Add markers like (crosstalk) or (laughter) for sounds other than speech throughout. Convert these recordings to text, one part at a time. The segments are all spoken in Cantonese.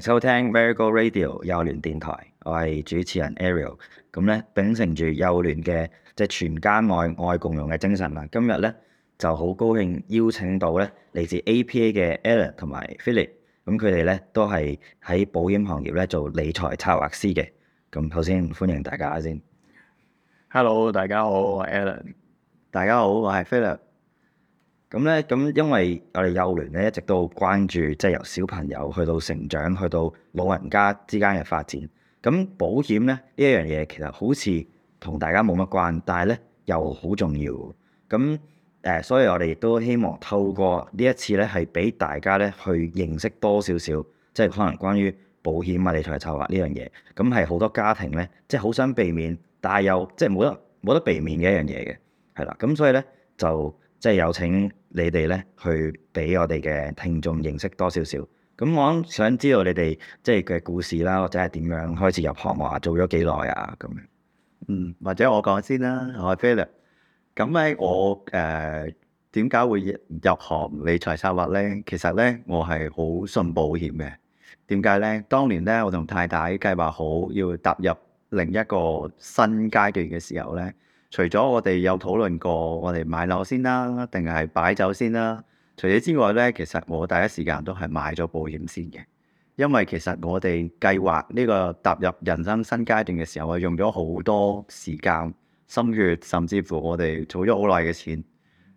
收聽 Virgo Radio 幼聯電台，我係主持人 Ariel。咁咧，秉承住幼聯嘅即係全家愛愛共融嘅精神，嗱，今日咧就好高興邀請到咧嚟自 APA 嘅 Alan 同埋 Philip。咁佢哋咧都係喺保險行業咧做理財策劃師嘅。咁首先歡迎大家先。Hello，大家好，我係 Alan。大家好，我係 Philip。咁咧，咁因為我哋幼聯咧一直都關注，即係由小朋友去到成長，去到老人家之間嘅發展。咁保險咧呢一樣嘢，其實好似同大家冇乜關，但係咧又好重要。咁誒，所以我哋亦都希望透過呢一次咧，係俾大家咧去認識多少少，即係可能關於保險啊、理財策劃呢樣嘢。咁係好多家庭咧，即係好想避免，但係又即係冇得冇得避免嘅一樣嘢嘅，係啦。咁所以咧就。即係有請你哋咧，去俾我哋嘅聽眾認識多少少。咁我想知道你哋即係嘅故事啦，或者係點樣開始入行，或做咗幾耐啊？咁樣，嗯，或者我講先啦，我係 Philip。咁咧，我誒點解會入行理財策劃咧？其實咧，我係好信保險嘅。點解咧？當年咧，我同太太計劃好要踏入另一個新階段嘅時候咧。除咗我哋有討論過，我哋買樓先啦，定係擺酒先啦。除此之外咧，其實我第一時間都係買咗保險先嘅，因為其實我哋計劃呢個踏入人生新階段嘅時候，我用咗好多時間、心血，甚至乎我哋儲咗好耐嘅錢。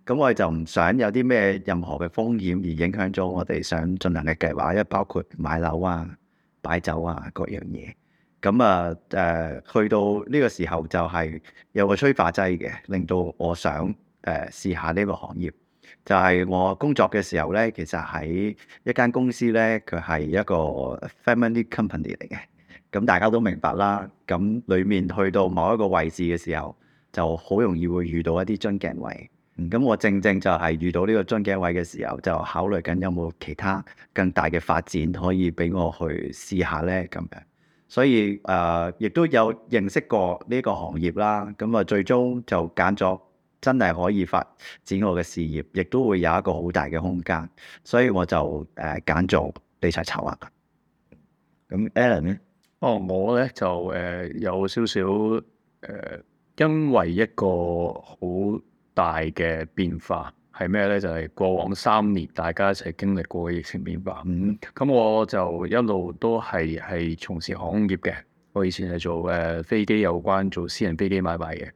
咁我哋就唔想有啲咩任何嘅風險而影響咗我哋想進行嘅計劃，因為包括買樓啊、擺酒啊、各樣嘢。咁啊，誒去到呢個時候就係有個催化劑嘅，令到我想誒、啊、試下呢個行業。就係、是、我工作嘅時候咧，其實喺一間公司咧，佢係一個 family company 嚟嘅。咁大家都明白啦。咁裡面去到某一個位置嘅時候，就好容易會遇到一啲樽頸位。咁我正正就係遇到呢個樽頸位嘅時候，就考慮緊有冇其他更大嘅發展可以俾我去試下咧咁嘅。所以誒，亦、呃、都有認識過呢個行業啦，咁啊最終就揀咗真係可以發展我嘅事業，亦都會有一個好大嘅空間，所以我就誒揀做理財策劃嘅。咁 Alan 咧？查查呢哦，我咧就誒、呃、有少少誒，因為一個好大嘅變化。係咩咧？就係、是、過往三年大家一齊經歷過嘅疫情變化。咁、嗯、我就一路都係係從事航空業嘅。我以前係做誒、呃、飛機有關，做私人飛機買賣嘅。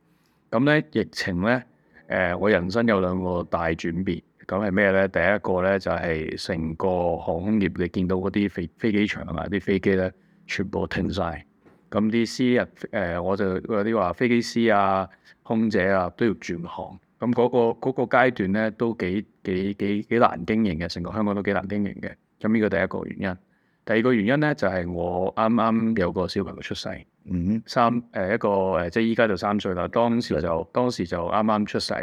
咁咧疫情咧誒、呃，我人生有兩個大轉變。咁係咩咧？第一個咧就係、是、成個航空業，你見到嗰啲飛飛機場啊、啲飛機咧，全部停晒。咁啲私人誒、呃，我就有啲話飛機師啊、空姐啊，都要轉行。咁嗰個嗰個階段咧都幾幾幾幾難經營嘅，成個香港都幾難經營嘅。咁呢個第一個原因。第二個原因咧就係我啱啱有個小朋友出世，嗯，三誒一個誒，即係依家就三歲啦。當時就當時就啱啱出世。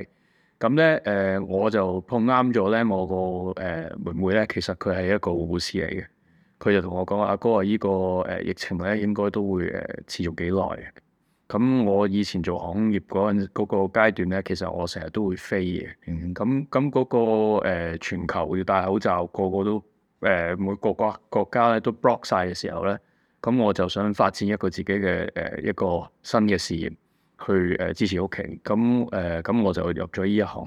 咁咧誒，我就碰啱咗咧，我個誒妹妹咧，其實佢係一個護士嚟嘅。佢就同我講：阿哥啊，依個誒疫情咧應該都會誒持續幾耐。咁我以前做航空業嗰陣個階段咧，其實我成日都會飛嘅。咁咁嗰個、呃、全球要戴口罩，個個都誒、呃、每個國國家咧都 block 晒嘅時候咧，咁我就想發展一個自己嘅誒、呃、一個新嘅事業去誒支持屋企。咁誒咁我就入咗依一行。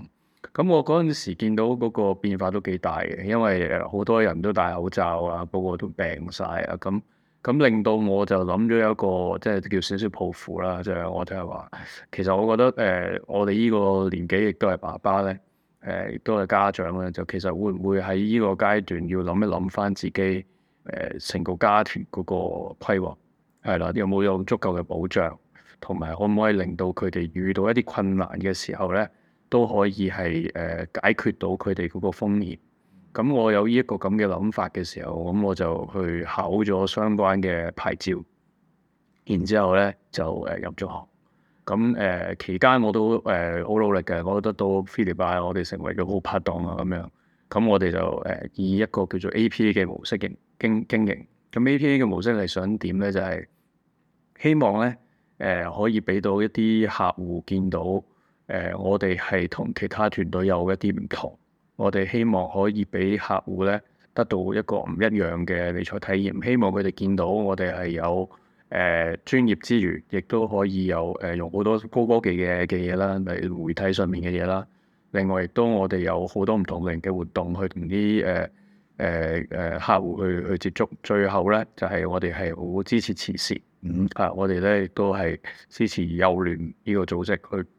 咁我嗰陣時見到嗰個變化都幾大嘅，因為好多人都戴口罩啊，個個都病晒啊，咁、嗯。咁令到我就諗咗一個即係叫少少抱負啦，即就係、我即係話，其實我覺得誒、呃，我哋呢個年紀亦都係爸爸咧，誒、呃、亦都係家長咧，就其實會唔會喺呢個階段要諗一諗翻自己誒、呃、成個家庭嗰個規劃，係啦，有冇有足夠嘅保障，同埋可唔可以令到佢哋遇到一啲困難嘅時候咧，都可以係誒、呃、解決到佢哋嗰個風險。咁我有呢一個咁嘅諗法嘅時候，咁我就去考咗相關嘅牌照，然之後咧就誒入咗行。咁誒、呃、期間我都誒好、呃、努力嘅，我都得到 Philip 我哋成為咗好拍檔啊咁樣。咁我哋就誒、呃、以一個叫做 APA 嘅模式營經經營。咁 APA 嘅模式係想點咧？就係、是、希望咧誒、呃、可以俾到一啲客戶見到誒、呃、我哋係同其他團隊有一啲唔同。我哋希望可以俾客戶咧得到一個唔一樣嘅理財體驗，希望佢哋見到我哋係有誒、呃、專業之餘，亦都可以有誒、呃、用好多高科技嘅嘅嘢啦，例如媒體上面嘅嘢啦。另外亦都我哋有好多唔同類型嘅活動去同啲誒誒誒客戶去去接觸。最後咧就係、是、我哋係好支持慈善，嗯啊，我哋咧亦都係支持幼聯呢個組織去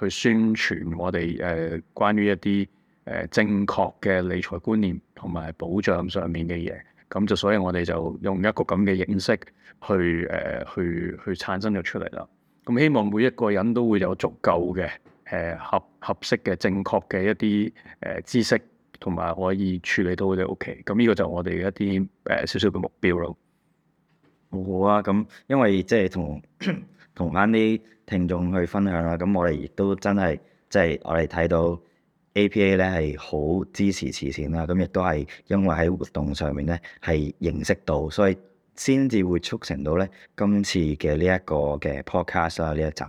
去宣傳我哋誒、呃、關於一啲。誒正確嘅理財觀念同埋保障上面嘅嘢，咁就所以我哋就用一個咁嘅認識去誒、呃、去去產生咗出嚟啦。咁希望每一個人都會有足夠嘅誒、呃、合合適嘅正確嘅一啲誒、呃、知識，同埋可以處理到佢哋屋企。咁呢個就我哋一啲誒少少嘅目標咯、哦。好啊，咁因為即係同同翻啲聽眾去分享啦。咁我哋亦都真係即係我哋睇到。APA 咧係好支持慈善啦，咁亦都係因為喺活動上面咧係認識到，所以先至會促成到咧今次嘅呢一個嘅 podcast 啦呢一集。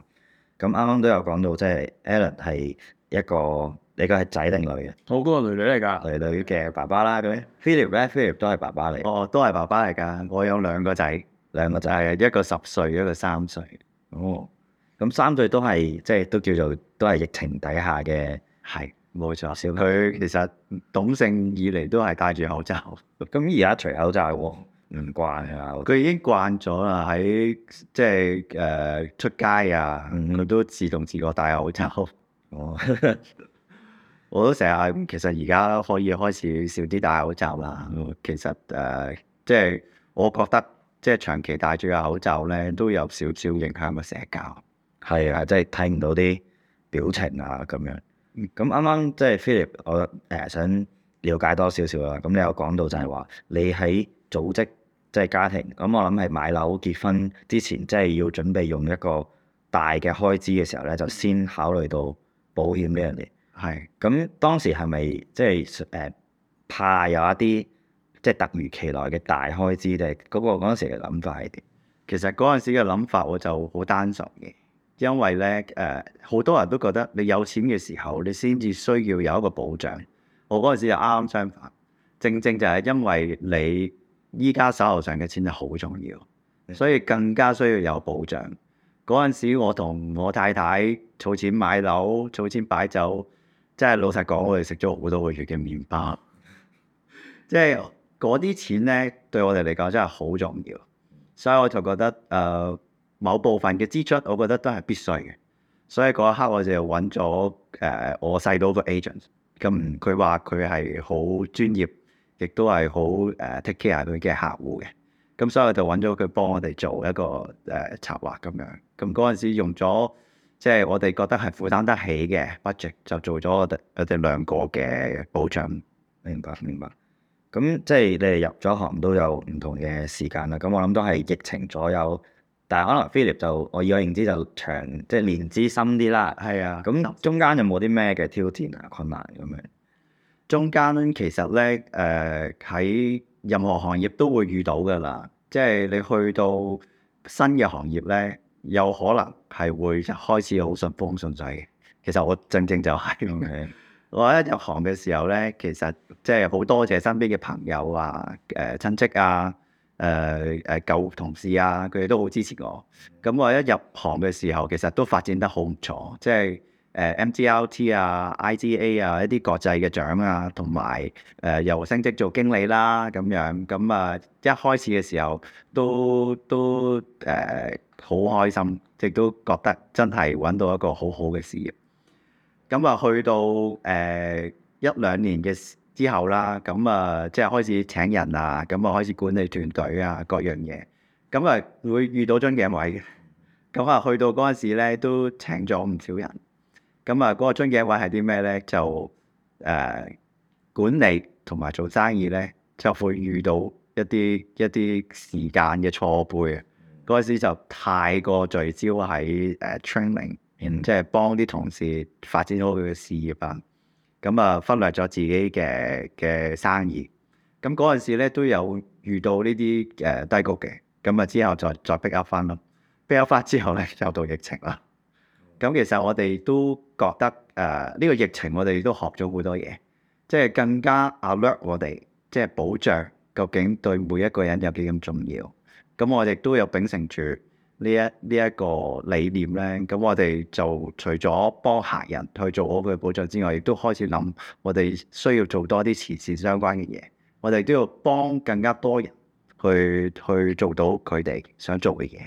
咁啱啱都有講到，即係 Alan 係一個你個係仔定女嘅？我個女,女女嚟㗎，女女嘅爸爸啦咁。Philip 咧，Philip 都係爸爸嚟。哦，都係爸爸嚟㗎。我有兩個仔，兩個仔係一個十歲，一個三歲。哦，咁三歲都係即係都叫做都係疫情底下嘅係。冇錯，小佢其實懂性以嚟都係戴住口罩，咁而家除口罩喎，唔慣啊！佢已經慣咗啦，喺即係誒、呃、出街啊，嗯、佢都自動自覺戴口罩。哦、嗯，我， (laughs) 我都成日其實而家可以開始少啲戴口罩啦。嗯、其實誒、呃，即係我覺得，即係長期戴住個口罩咧，都有少少影響個社交。係啊，即係睇唔到啲表情啊，咁樣。咁啱啱即、嗯、係、就是、Philip，我誒、呃、想了解多少少啦。咁、嗯、你有講到就係話，你喺組織即係家庭，咁、嗯、我諗係買樓結婚之前，即係要準備用一個大嘅開支嘅時候咧，就先考慮到保險呢樣嘢。係是，咁、嗯嗯、當時係咪即係誒怕有一啲即係突如其來嘅大開支定係嗰個嗰陣時嘅諗法係點？其實嗰陣時嘅諗法我就好單純嘅。因為咧，誒、呃、好多人都覺得你有錢嘅時候，你先至需要有一個保障。我嗰陣時就啱啱相反，正正就係因為你依家手頭上嘅錢就好重要，所以更加需要有保障。嗰陣時我同我太太儲錢買樓、儲錢擺酒，即係老實講，我哋食咗好多個月嘅麵包。即係嗰啲錢咧，對我哋嚟講真係好重要，所以我就覺得誒、呃某部分嘅支出，我覺得都係必須嘅。所以嗰一刻我就揾咗誒我細佬個 agent，咁佢話佢係好專業，亦都係好誒 take care 佢嘅客戶嘅。咁、嗯、所以我就揾咗佢幫我哋做一個誒、uh, 策劃咁樣。咁嗰陣時用咗即係我哋覺得係負擔得起嘅 budget，就做咗我哋我哋兩個嘅保障。明白，明白。咁即係你哋入咗行都有唔同嘅時間啦。咁我諗都係疫情左右。但係可能 Philip 就我以我認知就長即係年資深啲啦，係啊。咁中間有冇啲咩嘅挑戰啊、困難咁樣？中間其實咧，誒、呃、喺任何行業都會遇到㗎啦。即係你去到新嘅行業咧，有可能係會開始好順風順水嘅。其實我正正就係、是， (laughs) (laughs) 我一入行嘅時候咧，其實即係好多謝身邊嘅朋友啊、誒、呃、親戚啊。誒誒、呃、舊同事啊，佢哋都好支持我。咁我一入行嘅時候，其實都發展得好唔錯，即係誒 MDRT 啊、IGA 啊一啲國際嘅獎啊，同埋誒又升職做經理啦咁樣。咁啊一開始嘅時候都都誒好、呃、開心，亦都覺得真係揾到一個好好嘅事業。咁啊去到誒、呃、一兩年嘅之後啦，咁啊，即係開始請人啊，咁啊開始管理團隊啊，各樣嘢，咁啊會遇到樽頸位。咁啊去到嗰陣時咧，都請咗唔少人。咁啊嗰個樽頸位係啲咩咧？就誒、呃、管理同埋做生意咧，就會遇到一啲一啲時間嘅錯配。嗰陣時就太過聚焦喺誒 training，即係幫啲同事發展咗佢嘅事業啊。咁啊，忽略咗自己嘅嘅生意，咁嗰陣時咧都有遇到呢啲誒低谷嘅，咁啊之後再再 pick up 翻咯，pick up 翻之後咧就到疫情啦。咁其實我哋都覺得誒呢個疫情我哋都學咗好多嘢，即係更加 alert 我哋，即係保障究竟對每一個人有幾咁重要。咁我亦都有秉承住。呢一呢一、這個理念咧，咁我哋就除咗幫客人去做好佢嘅保障之外，亦都開始諗我哋需要做多啲慈善相關嘅嘢。我哋都要幫更加多人去去做到佢哋想做嘅嘢。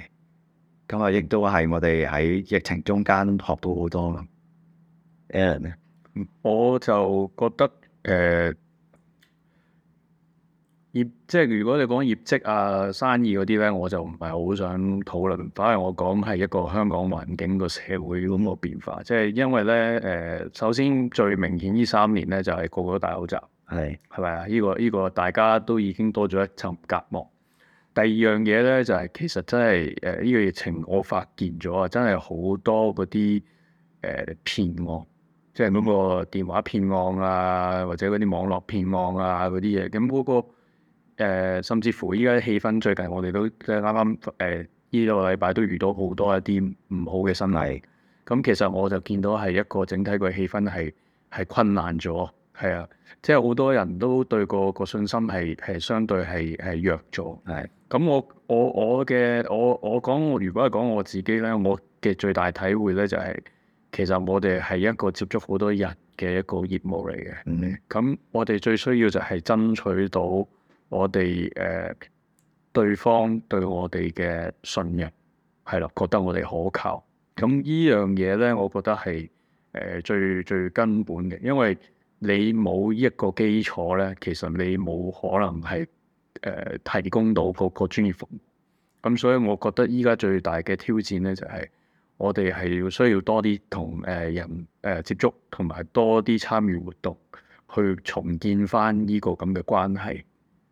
咁啊，亦都係我哋喺疫情中間學到好多。Alan (laughs) 我就覺得誒。呃業即係如果你講業績啊、生意嗰啲咧，我就唔係好想討論。反而我講係一個香港環境、個社會咁個變化，即係因為咧誒、呃，首先最明顯呢三年咧就係、是、個個戴口罩，係係咪啊？依個依個大家都已經多咗一層隔膜。第二樣嘢咧就係、是、其實真係誒依個疫情，我發現咗啊，真係好多嗰啲誒騙案，即係嗰個電話騙案啊，或者嗰啲網絡騙案啊嗰啲嘢，咁嗰誒、呃，甚至乎依家氣氛，最近我哋都即係啱啱誒，呢、呃、兩、這個禮拜都遇到好多一啲唔好嘅新聞。咁是、嗯、其實我就見到係一個整體嘅氣氛係係困難咗，係啊，即係好多人都對個個信心係係相對係係弱咗。係咁是、嗯，我我我嘅我我講，如果係講我自己咧，我嘅最大體會咧就係、是，其實我哋係一個接觸好多日嘅一個業務嚟嘅。咁是我哋最需要就係爭取到。我哋誒、呃、對方對我哋嘅信任係啦，覺得我哋可靠，咁呢樣嘢咧，我覺得係誒、呃、最最根本嘅，因為你冇一個基礎咧，其實你冇可能係誒、呃、提供到嗰個專業服務，咁所以，我覺得依家最大嘅挑戰咧，就係、是、我哋係要需要多啲同誒人誒、呃、接觸同埋多啲參與活動去重建翻呢、這個咁嘅關係。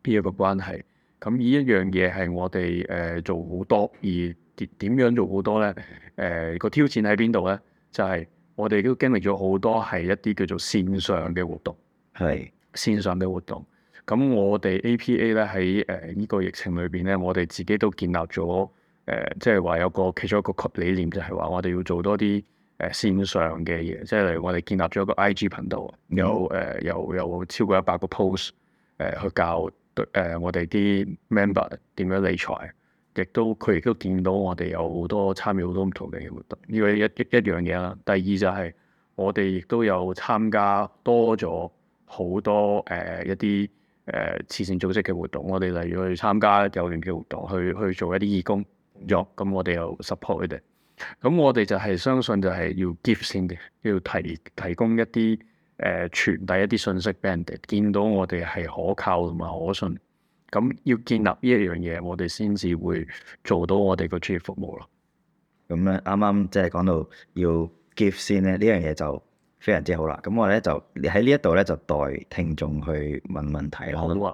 呢一個關係，咁呢一樣嘢係我哋誒、呃、做好多，而點點樣做好多咧？誒、呃這個挑戰喺邊度咧？就係、是、我哋都經歷咗好多係一啲叫做線上嘅活動，係是線上嘅活動。咁、嗯、我哋 APA 咧喺誒呢個疫情裏邊咧，我哋自己都建立咗誒、呃，即係話有個其中一個理念就係話我哋要做多啲誒、呃、線上嘅嘢，即係例如我哋建立咗個 IG 頻道，有誒又又超過一百個 post 誒、呃、去教。對、呃、我哋啲 member 點樣理財，亦都佢亦都見到我哋有好多參與好多唔同嘅活動，呢個一一一樣嘢啦。第二就係我哋亦都有參加多咗好多誒、呃、一啲誒、呃、慈善組織嘅活動，我哋例如去參加幼聯嘅活動，去去做一啲義工工作。咁、嗯、我哋又 support 佢哋。咁我哋就係相信就係要 give 先嘅，要提提供一啲。誒，傳遞、呃、一啲信息俾人哋，見到我哋係可靠同埋可信，咁要建立呢一樣嘢，我哋先至會做到我哋個專業服務咯。咁咧、嗯，啱啱即係講到要先 give 先咧，呢樣嘢就非常之好啦。咁我咧就喺呢一度咧就代聽眾去問問題咯。好咁、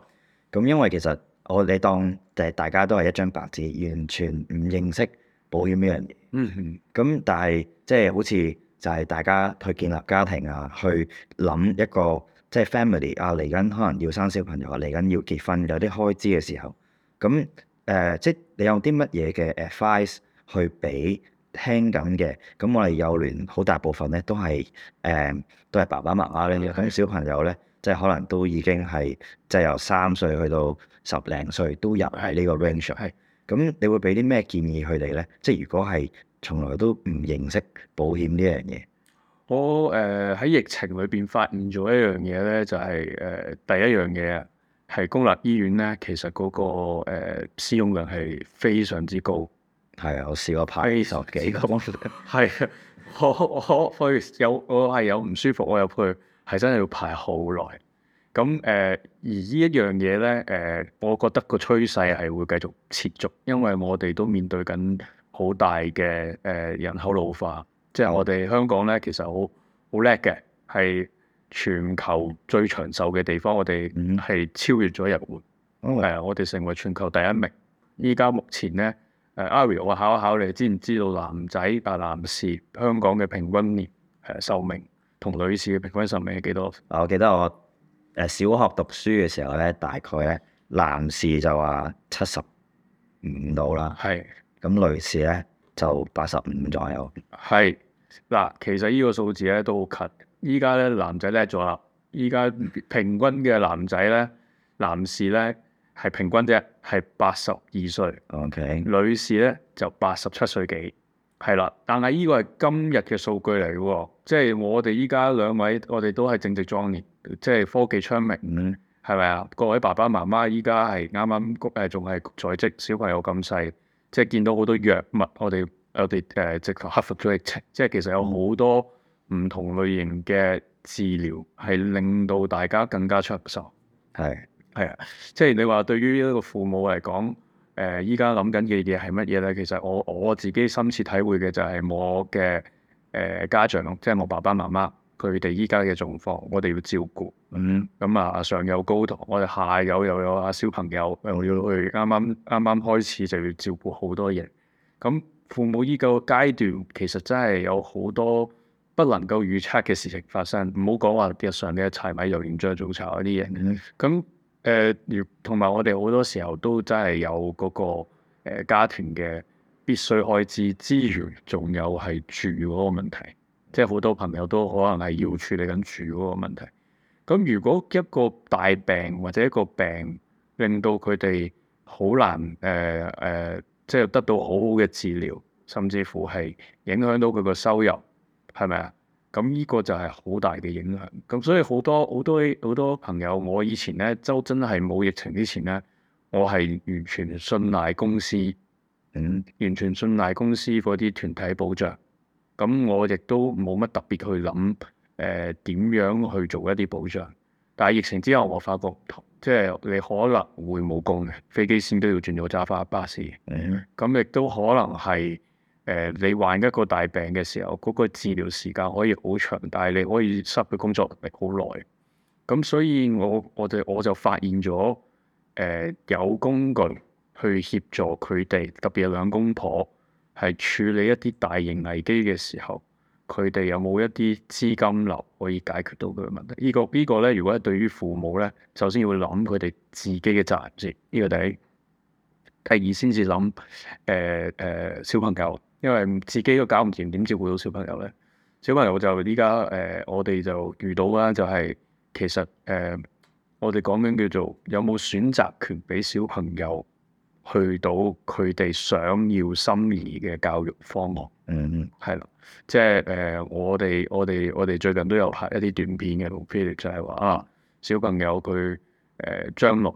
啊、因為其實我你當就係大家都係一張白紙，完全唔認識保險呢樣嘢。嗯咁哼、嗯、但係即係好似。就係大家去建立家庭啊，去諗一個即係 family 啊，嚟緊可能要生小朋友啊，嚟緊要結婚有啲開支嘅時候，咁誒、呃、即係你用啲乜嘢嘅 advice 去俾聽緊嘅？咁我哋幼聯好大部分咧都係誒、呃、都係爸爸媽媽咧，咁小朋友咧即係可能都已經係即係由三歲去到十零歲都入喺呢個 range。係是，咁你會俾啲咩建議佢哋咧？即係如果係。從來都唔認識保險呢樣嘢。我誒喺、呃、疫情裏邊發現咗一樣嘢咧，就係、是、誒、呃、第一樣嘢係公立醫院咧，其實嗰、那個、呃、使用量係非常之高。係啊，我試過排幾十幾個。係啊，我我去有我係有唔舒服，我入去係真係要排好耐。咁誒、呃、而呢一樣嘢咧，誒、呃、我覺得個趨勢係會繼續持續，因為我哋都面對緊。好大嘅誒、呃、人口老化，即係我哋香港咧，其實好好叻嘅，係全球最長壽嘅地方。我哋係超越咗日本，係啊、嗯呃，我哋成為全球第一名。依家目前咧，誒、呃、Ari，我考一考你，知唔知道男仔啊，男士香港嘅平均年誒、呃、壽命同女士嘅平均壽命係幾多？我記得我誒、呃、小學讀書嘅時候咧，大概咧男士就話七十五度啦，係。咁女士咧，就八十五左右。係嗱，其實呢個數字咧都好近。依家咧男仔叻咗啦，依家平均嘅男仔咧，男士咧係平均啫，係八十二歲。OK，女士咧就八十七歲幾。係啦，但係呢個係今日嘅數據嚟嘅喎，即係我哋依家兩位，我哋都係正值壯年，即係科技昌明，係咪啊？各位爸爸媽媽依家係啱啱誒，仲係在職，小朋友咁細。即係見到好多藥物，我哋我哋誒直頭克服咗疫情，即係其實有好多唔同類型嘅治療係令到大家更加出手。係係啊，即係你話對於一個父母嚟講，誒依家諗緊嘅嘢係乜嘢咧？其實我我自己深切體會嘅就係我嘅誒、呃、家長咯，即係我爸爸媽媽，佢哋依家嘅狀況，我哋要照顧。嗯，咁啊，上有高堂，我哋下有又有啊小朋友，又要去啱啱啱啱開始就要照顧好多嘢。咁、嗯、父母依個階段，其實真係有好多不能夠預測嘅事情發生。唔好講話日常嘅柴米油鹽醬醋茶嗰啲嘢。咁誒、嗯，同埋、呃、我哋好多時候都真係有嗰、嗰個、呃、家庭嘅必需開支之餘，仲有係住嗰個問題。即係好多朋友都可能係要處理緊住嗰個問題。咁如果一個大病或者一個病令到佢哋好難誒誒、呃呃，即係得到好好嘅治療，甚至乎係影響到佢個收入，係咪啊？咁呢個就係好大嘅影響。咁所以好多好多好多朋友，我以前咧，周真係冇疫情之前咧，我係完全信賴公司，嗯，完全信賴公司嗰啲團體保障。咁我亦都冇乜特別去諗，誒、呃、點樣去做一啲保障？但係疫情之後，我發覺即係你可能會冇工嘅，飛機先都要轉咗揸翻巴士。嗯、mm。咁、hmm。亦都可能係誒、呃、你患一個大病嘅時候，嗰、那個治療時間可以好長，但係你可以失去工作能力好耐。咁所以我我哋我就發現咗，誒、呃、有工具去協助佢哋，特別係兩公婆。係處理一啲大型危機嘅時候，佢哋有冇一啲資金流可以解決到佢嘅問題？這個這個、呢個依個咧，如果係對於父母咧，首先要諗佢哋自己嘅責任先。呢、這個第一，第二先至諗誒誒小朋友，因為自己都搞唔掂，點照顧到小朋友咧？小朋友就依家誒，我哋就遇到啦、就是，就係其實誒、呃，我哋講緊叫做有冇選擇權俾小朋友。去到佢哋想要心儀嘅教育方案，嗯、mm，係、hmm. 啦，即係誒，我哋我哋我哋最近都有拍一啲短片嘅 movie 就係、是、話啊，小朋友佢誒、呃、將來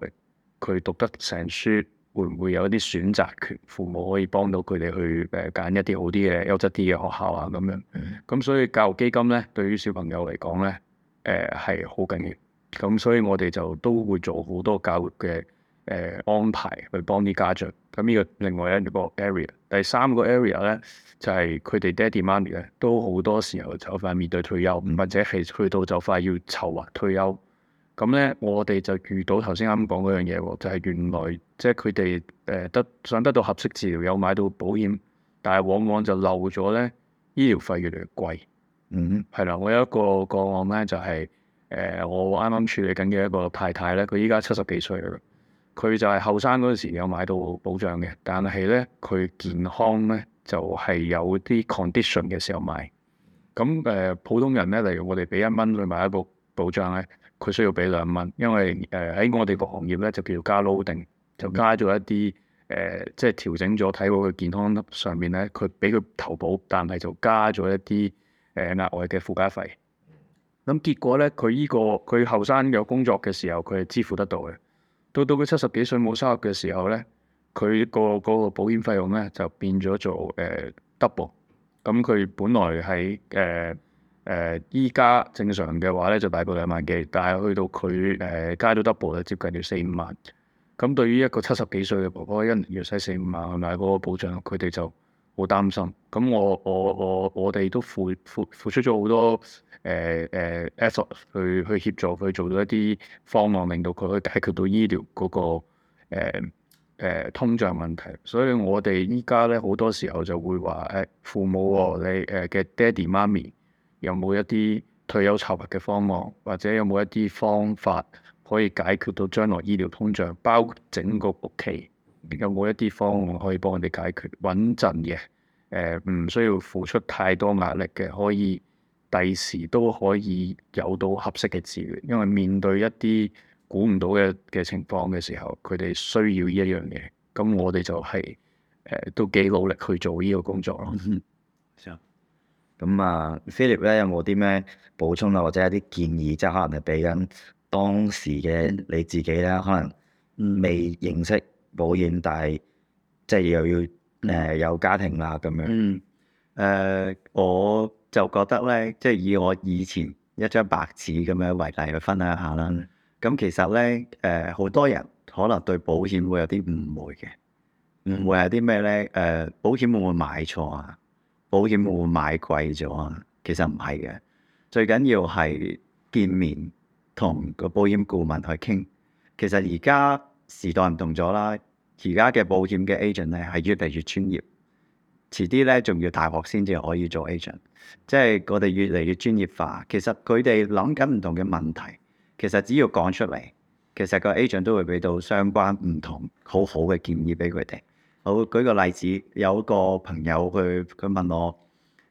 佢讀得成書，會唔會有一啲選擇權？父母可以幫到佢哋去誒揀、呃、一啲好啲嘅優質啲嘅學校啊，咁樣。咁、mm hmm. 所以教育基金咧，對於小朋友嚟講咧，誒係好緊要。咁所以我哋就都會做好多教育嘅。誒、呃、安排去幫啲家長，咁呢個另外一個 area。第三個 area 咧，就係佢哋爹哋媽咪咧，都好多時候就快面對退休，或者係去到就快要籌劃退休。咁咧，我哋就遇到頭先啱講嗰樣嘢喎，就係、是、原來即係佢哋誒得，得想得到合適治療，有買到保險，但係往往就漏咗咧，醫療費越嚟越貴。嗯、mm，係、hmm. 啦，我有一個個案咧，就係、是、誒、呃、我啱啱處理緊嘅一個太太咧，佢依家七十幾歲啦。佢就係後生嗰陣時有買到保障嘅，但係咧佢健康咧就係、是、有啲 condition 嘅時候買。咁誒、呃、普通人咧，例如我哋俾一蚊去買一部保障咧，佢需要俾兩蚊，因為誒喺、呃、我哋個行業咧就叫做加 loading，就加咗一啲誒、呃、即係調整咗睇到佢健康上面咧，佢俾佢投保，但係就加咗一啲誒、呃、額外嘅附加費。咁結果咧，佢呢、這個佢後生有工作嘅時候，佢係支付得到嘅。到到佢七十幾歲冇收入嘅時候咧，佢個嗰個保險費用咧就變咗做誒 double。咁、呃、佢本來喺誒誒依家正常嘅話咧就大部兩萬幾，但係去到佢誒、呃、加到 double 咧，接近咗四五萬。咁對於一個七十幾歲嘅婆婆，一年要使四五萬同埋嗰個保障，佢哋就～好擔心，咁我我我我哋都付付，付出咗好多誒誒 effort 去去協助去做到一啲方案，令到佢可以解決到醫療嗰、那個誒、呃呃、通脹問題。所以我哋依家咧好多時候就會話誒、哎、父母、哦、你誒嘅、呃、爹地媽咪有冇一啲退休籌劃嘅方案，或者有冇一啲方法可以解決到將來醫療通脹，包括整個屋企。有冇一啲方案可以幫佢哋解決穩陣嘅？誒、呃，唔需要付出太多壓力嘅，可以第時都可以有到合適嘅資源。因為面對一啲估唔到嘅嘅情況嘅時候，佢哋需要呢一樣嘢。咁我哋就係、是、誒、呃、都幾努力去做呢個工作咯。咁 (laughs) 啊，Philip 咧有冇啲咩補充啊，或者一啲建議，即係可能係俾緊當時嘅你自己啦，可能未認識、嗯。保險，但係即係又要誒、呃、有家庭啊咁樣。誒、嗯呃、我就覺得咧，即係以我以前一張白紙咁樣為例去分享下啦。咁其實咧，誒、呃、好多人可能對保險會有啲誤會嘅。誤會係啲咩咧？誒、呃、保險會唔會買錯啊？保險會唔會買貴咗啊？其實唔係嘅。最緊要係見面同個保險顧問去傾。其實而家時代唔同咗啦。而家嘅保險嘅 agent 咧係越嚟越專業，遲啲咧仲要大學先至可以做 agent，即係我哋越嚟越專業化。其實佢哋諗緊唔同嘅問題，其實只要講出嚟，其實個 agent 都會俾到相關唔同好好嘅建議俾佢哋。我，舉個例子，有一個朋友佢佢問我，誒、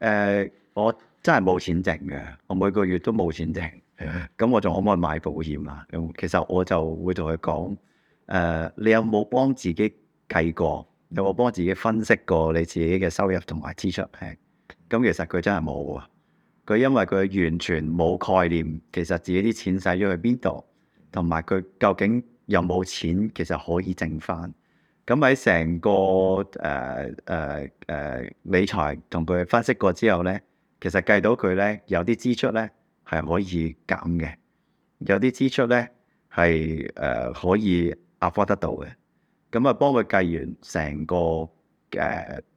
呃、我真係冇錢剩嘅，我每個月都冇錢剩，咁我仲可唔可以買保險啊？咁其實我就會同佢講。誒，uh, 你有冇幫自己計過？有冇幫自己分析過你自己嘅收入同埋支出？咁、嗯、其實佢真係冇喎。佢因為佢完全冇概念，其實自己啲錢使咗去邊度，同埋佢究竟有冇錢其實可以剩翻？咁喺成個誒誒誒理財同佢分析過之後咧，其實計到佢咧有啲支出咧係可以減嘅，有啲支出咧係誒可以 cover 得到嘅，咁啊幫佢計完成個誒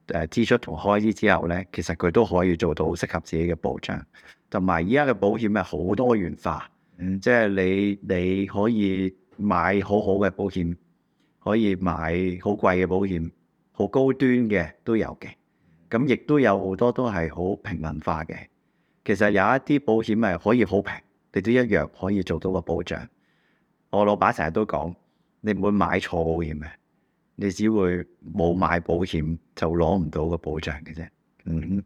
誒支出同開支之後咧，其實佢都可以做到適合自己嘅保障。同埋依家嘅保險係好多元化，嗯，即係你你可以買好好嘅保險，可以買好貴嘅保險，好高端嘅都有嘅。咁亦都有好多都係好平民化嘅。其實有一啲保險係可以好平，你都一樣可以做到個保障。我老闆成日都講。你唔會買錯保險嘅，你只會冇買保險就攞唔到個保障嘅啫。嗯，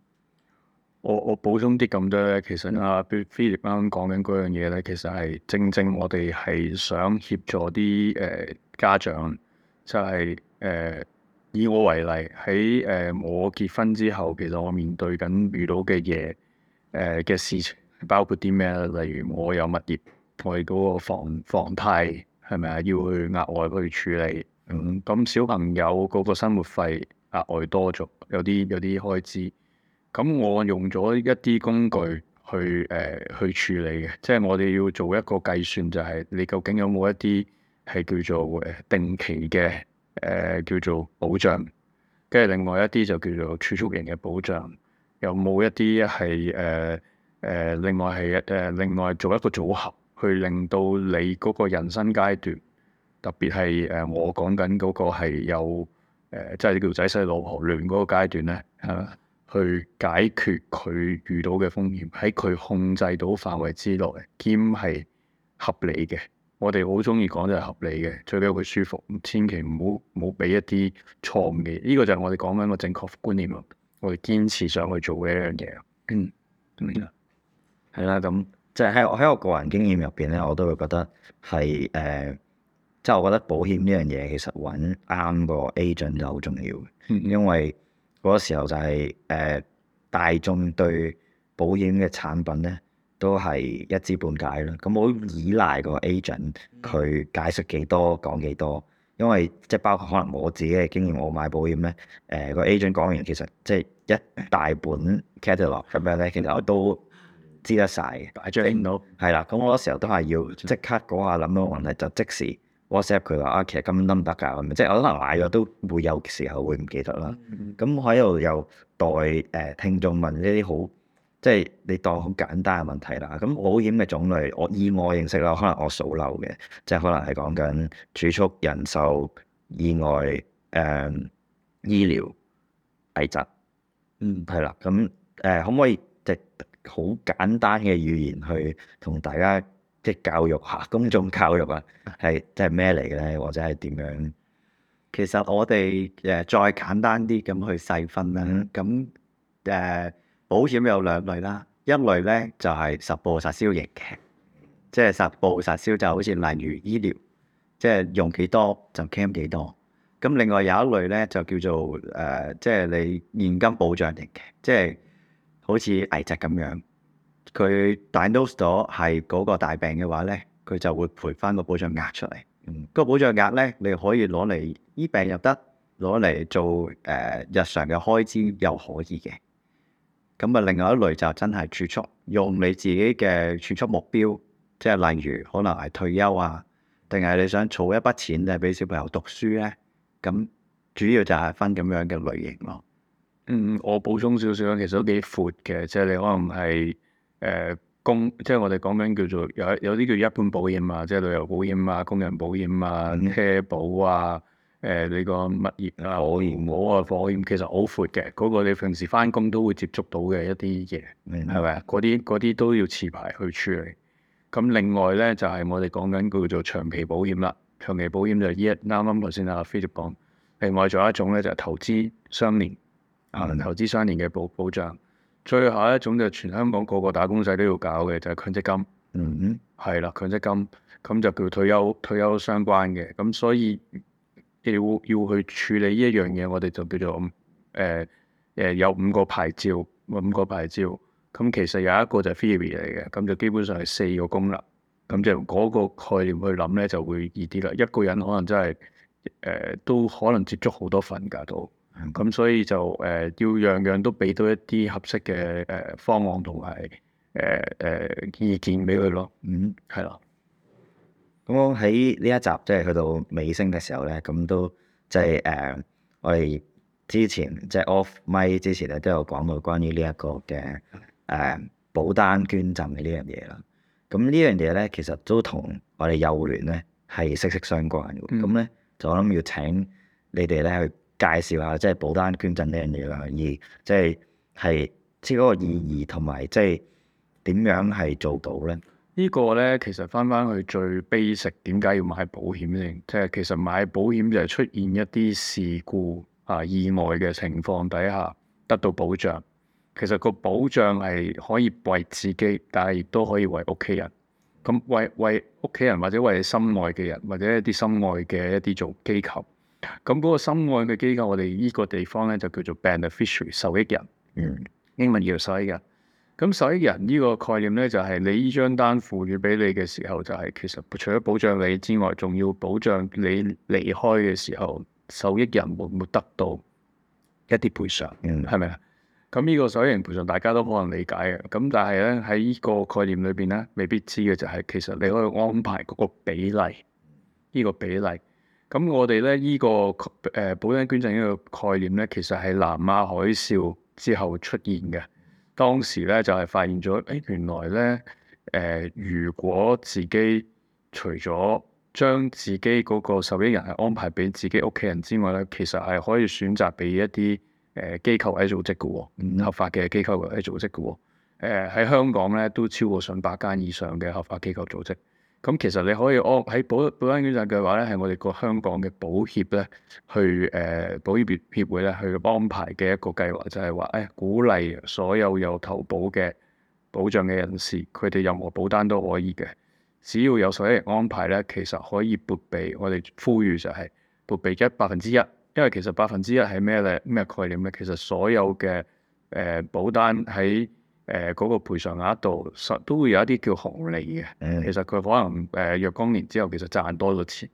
我我補充啲咁多咧，其實阿菲力啱啱講緊嗰樣嘢咧，其實係正正我哋係想協助啲誒、呃、家長，就係、是、誒、呃、以我為例，喺誒、呃、我結婚之後，其實我面對緊遇到嘅嘢誒嘅事情，包括啲咩，例如我有物業，我哋嗰個房房貸。係咪啊？要去額外去處理，咁、嗯、小朋友嗰個生活費額外多咗，有啲有啲開支，咁我用咗一啲工具去誒、呃、去處理嘅，即係我哋要做一個計算，就係你究竟有冇一啲係叫做誒定期嘅誒、呃、叫做保障，跟住另外一啲就叫做儲蓄型嘅保障，有冇一啲係誒誒另外係誒、呃、另外做一個組合？去令到你嗰個人生階段，特別係誒、呃、我講緊嗰個係有誒，即、呃、係你叫仔細老婆亂嗰個階段咧嚇、啊，去解決佢遇到嘅風險喺佢控制到範圍之內，兼係合理嘅。我哋好中意講就係合理嘅，最緊要佢舒服。千祈唔好唔俾一啲錯誤嘅，呢、這個就係我哋講緊個正確觀念、嗯嗯、啊！我哋堅持上去做嘅一樣嘢嗯，明啦，係啦，咁。就喺我喺我個人經驗入邊咧，我都會覺得係誒，即、呃、係、就是、我覺得保險呢樣嘢其實揾啱個 agent 就好重要嘅，因為嗰個時候就係、是、誒、呃、大眾對保險嘅產品咧都係一知半解咯。咁我好依賴個 agent 佢解釋幾多講幾多，因為即係包括可能我自己嘅經驗，我買保險咧誒、呃個 agent 講完，其實即係一大本 catalog 咁樣咧，其實我都知得晒，嘅，擺住聽到係啦。咁我嗰時候都係要即刻嗰下諗到問題，就是、即時 WhatsApp 佢話啊，其實咁諗唔得㗎，咁即係我可能買咗都會有時候會唔記得啦。咁我喺度又代誒、呃、聽眾問一啲好即係、就是、你當好簡單嘅問題啦。咁保險嘅種類，我以我認識啦，可能我數漏嘅，即係可能係講緊儲蓄、人壽、意外、誒、呃、醫療、危疾。嗯，係啦。咁誒、呃，可唔可以即好簡單嘅語言去同大家即係教育下公眾教育啊，係即係咩嚟嘅咧？或者係點樣？其實我哋誒再簡單啲咁去細分啦。咁誒保險有兩類啦，一類咧就係實報實銷型嘅，即係實報實銷就好似例如醫療，即係用幾多就 claim 幾多。咁另外有一類咧就叫做誒，即係你現金保障型嘅，即係。好似危疾咁樣，佢 diagnosed 咗係嗰個大病嘅話咧，佢就會賠翻、嗯、個保障額出嚟。嗯，個保障額咧，你可以攞嚟醫病又得，攞嚟做誒、呃、日常嘅開支又可以嘅。咁啊，另外一類就真係儲蓄，用你自己嘅儲蓄目標，即係例如可能係退休啊，定係你想儲一筆錢嚟俾小朋友讀書咧。咁主要就係分咁樣嘅類型咯。嗯，我補充少少啦，其實都幾闊嘅，即係你可能係誒、呃、工，即係我哋講緊叫做有有啲叫一般保險啊，即係旅遊保險啊、工人保險啊、車、mm hmm. 保啊、誒、呃、你個物業啊、火險，冇啊，火險其實好闊嘅嗰個，你平時翻工都會接觸到嘅一啲嘢，係咪啊？嗰啲嗰啲都要持牌去處理。咁另外咧就係、是、我哋講緊叫做長期保險啦。長期保險就依一啱啱頭先阿 Philip 講，另外仲有一種咧就係投資相連。啊！投資三年嘅保保障，最後一種就係全香港個個打工仔都要搞嘅就係、是、強積金。嗯，嗯，係啦，強積金咁就叫退休退休相關嘅，咁所以要要去處理呢一樣嘢，我哋就叫做誒誒、呃呃、有五個牌照，五個牌照咁其實有一個就係 fee 嚟嘅，咁就基本上係四個功能，咁就嗰個概念去諗咧就會易啲啦。一個人可能真係誒、呃、都可能接觸好多份㗎都。咁所以就誒、呃、要樣樣都俾到一啲合適嘅誒方案同埋誒誒意見俾佢咯。嗯，係啦的。咁我喺呢一集即係去到尾聲嘅時候咧，咁都即係誒我哋之前即係、就是、off mic 之前咧都有講到關於呢一個嘅誒、呃、保單捐贈嘅呢樣嘢啦。咁呢樣嘢咧其實都同我哋幼聯咧係息息相關嘅。咁咧、嗯、就我諗要請你哋咧去。介紹下即係保單捐贈呢樣嘢啦，而即係係即嗰個意義同埋即係點樣係做到咧？個呢個咧其實翻翻去最 basic 點解要買保險先？即係其實買保險就係出現一啲事故啊意外嘅情況底下得到保障。其實個保障係可以為自己，但係亦都可以為屋企人。咁為為屋企人或者為你心愛嘅人，或者一啲心愛嘅一啲做機構。咁嗰個心愛嘅機構，我哋呢個地方咧就叫做 beneficiary 受益人，英文叫做受益人。咁受益人呢個概念咧，就係、是、你依張單賦予俾你嘅時候、就是，就係其實除咗保障你之外，仲要保障你離開嘅時候，受益人會唔會得到一啲賠償，嗯，係咪啊？咁依個受益人賠償大家都可能理解嘅，咁但係咧喺呢個概念裏邊咧，未必知嘅就係、是、其實你可以安排嗰個比例，呢、這個比例。咁我哋咧呢、呢個誒保險捐贈呢個概念咧，其實係南亞海嘯之後出現嘅。當時咧就係、是、發現咗，誒、哎、原來咧誒、呃、如果自己除咗將自己嗰個受益人係安排俾自己屋企人之外咧，其實係可以選擇俾一啲誒機構或者組織嘅、哦，合法嘅機構或者組織嘅、哦。誒、呃、喺香港咧都超過上百間以上嘅合法機構組織。咁、嗯、其實你可以安喺保保，保單捐贈嘅話咧，係我哋個香港嘅保協咧，去誒、呃、保險協，協會咧，去安排嘅一個計劃，就係話誒鼓勵所有有投保嘅保障嘅人士，佢哋任何保單都可以嘅，只要有所有人安排咧，其實可以撥備。我哋呼籲就係撥備一百分之一，因為其實百分之一係咩咧？咩概念咧？其實所有嘅誒、呃、保單喺誒嗰、呃那個賠償額度，實都會有一啲叫紅利嘅。嗯、其實佢可能誒、呃、若干年之後，其實賺多咗錢，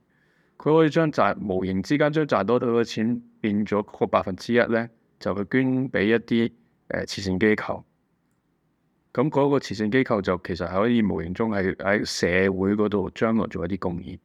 佢可以將賺無形之間將賺多咗嘅錢變咗嗰個百分之一咧，就去捐俾一啲誒慈善機構。咁嗰個慈善機構就其實係可以無形中係喺社會嗰度將來做一啲貢獻。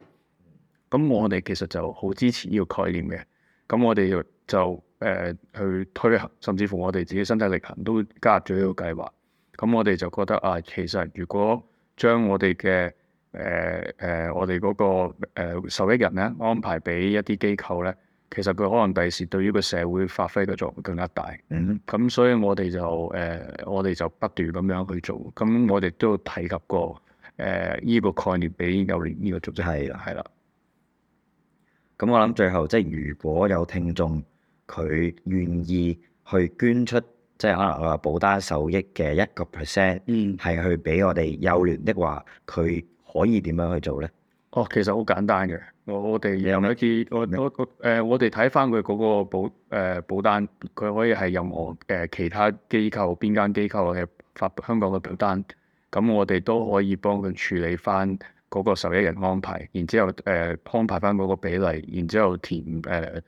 咁我哋其實就好支持呢個概念嘅。咁我哋就誒、呃、去推行，甚至乎我哋自己身體力行都加入咗呢個計劃。咁我哋就覺得啊，其實如果將我哋嘅誒誒，我哋嗰、嗰個、呃、受益人咧，安排俾一啲機構咧，其實佢可能第時對於個社會發揮嘅作用更加大。嗯哼。咁所以我哋就誒、呃，我哋就不斷咁樣去做。咁我哋都提及過誒依、呃這個概念俾幼聯依個組織係啦，係啦。咁的的我諗最後即係、就是、如果有聽眾佢願意去捐出。即係可能話保單受益嘅一個 percent，係去俾我哋幼聯的話，佢可以點樣去做咧？哦，其實好簡單嘅，我哋用一次，我我我哋睇翻佢嗰個保誒、呃、保單，佢可以係任何誒、呃、其他機構邊間機構嘅發香港嘅保單，咁我哋都可以幫佢處理翻嗰個受益人安排，然之後誒、呃、安排翻嗰個比例，然之後填誒兩、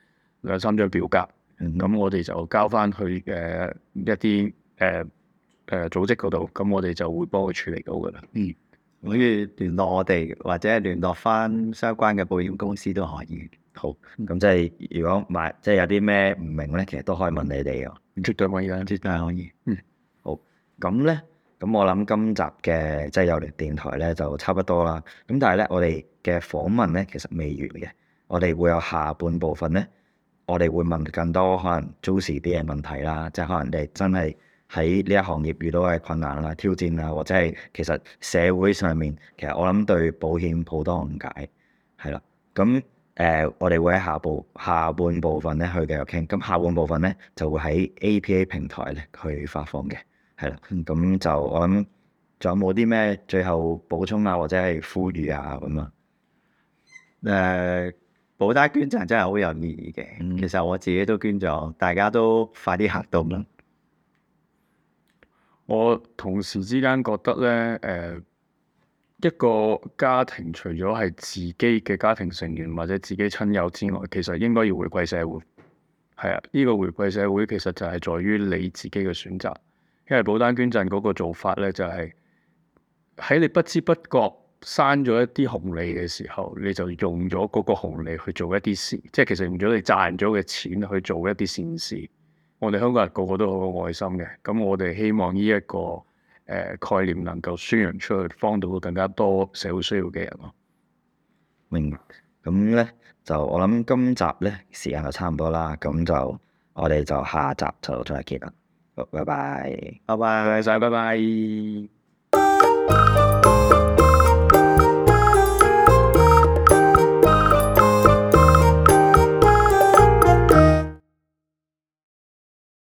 呃、三張表格。咁、嗯、我哋就交翻去嘅一啲誒誒組織嗰度，咁我哋就會幫佢處理到噶啦。嗯，可以聯絡我哋，或者聯絡翻相關嘅保險公司都可以。好，咁、嗯、即係如果買，即係有啲咩唔明咧，其實都可以問你哋咯。哦，絕對可以啊，絕對係可以。嗯，好。咁咧，咁我諗今集嘅即係幼聯電台咧就差不多啦。咁但係咧，我哋嘅訪問咧其實未完嘅，我哋會有下半部分咧。我哋會問更多可能 juicy 啲嘅問題啦，即係可能你真係喺呢一行業遇到嘅困難啦、挑戰啊，或者係其實社會上面其實我諗對保險好多誤解係啦。咁誒、呃，我哋會喺下部下半部分咧去繼續傾。咁下半部分咧就會喺 APA 平台咧去發放嘅，係啦。咁、嗯、就我諗仲有冇啲咩最後補充啊，或者係呼籲啊咁啊？誒。呃保單捐贈真係好有意義嘅，其實我自己都捐咗，大家都快啲行動啦！我同時之間覺得咧，誒、呃，一個家庭除咗係自己嘅家庭成員或者自己親友之外，其實應該要回歸社會。係啊，呢、這個回歸社會其實就係在於你自己嘅選擇，因為保單捐贈嗰個做法咧就係、是、喺你不知不覺。刪咗一啲紅利嘅時候，你就用咗嗰個紅利去做一啲事，即係其實用咗你賺咗嘅錢去做一啲善事。我哋香港人個個都好有愛心嘅，咁我哋希望呢一個誒概念，能夠宣揚出去，幫到更加多社會需要嘅人咯。明咁咧就我諗今集咧時間就差唔多啦，咁就我哋就下集就再結啦。拜拜，拜拜，拜拜，再拜拜。 (music)